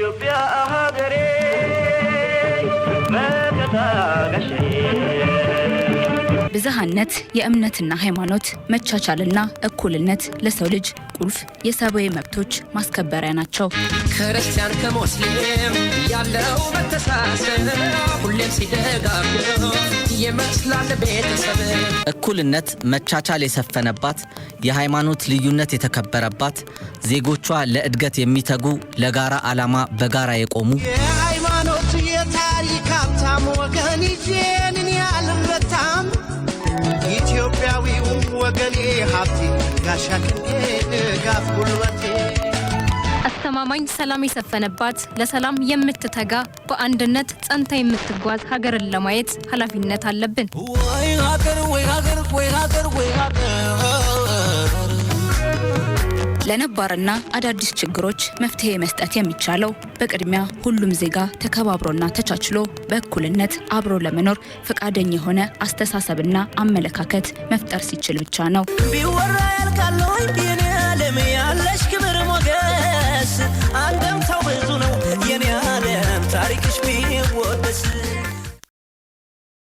ኢትዮጵያ ሀገሬ ብዝሃነት የእምነትና ሃይማኖት መቻቻልና እኩልነት ለሰው ልጅ ቁልፍ የሰብዊ መብቶች ማስከበሪያ ናቸው። ክርስቲያን ከሙስሊም ያለው መተሳሰብ ሁሌም ሲደጋግም እኩልነት፣ መቻቻል የሰፈነባት፣ የሃይማኖት ልዩነት የተከበረባት፣ ዜጎቿ ለእድገት የሚተጉ፣ ለጋራ ዓላማ በጋራ የቆሙ የሃይማኖት የታሪክ ሀብታም ወገን ይዤንን ያልበታም ኢትዮጵያዊው ወገኔ ሀብቴ ጋሻ ክንዴ ድጋፍ ጉልበት አስተማማኝ ሰላም የሰፈነባት ለሰላም የምትተጋ በአንድነት ጸንታ የምትጓዝ ሀገርን ለማየት ኃላፊነት አለብን። ወይ ሀገር ወይ ሀገር ወይ ሀገር ወይ ሀገር ለነባርና አዳዲስ ችግሮች መፍትሄ መስጠት የሚቻለው በቅድሚያ ሁሉም ዜጋ ተከባብሮና ተቻችሎ በእኩልነት አብሮ ለመኖር ፈቃደኛ የሆነ አስተሳሰብና አመለካከት መፍጠር ሲችል ብቻ ነው።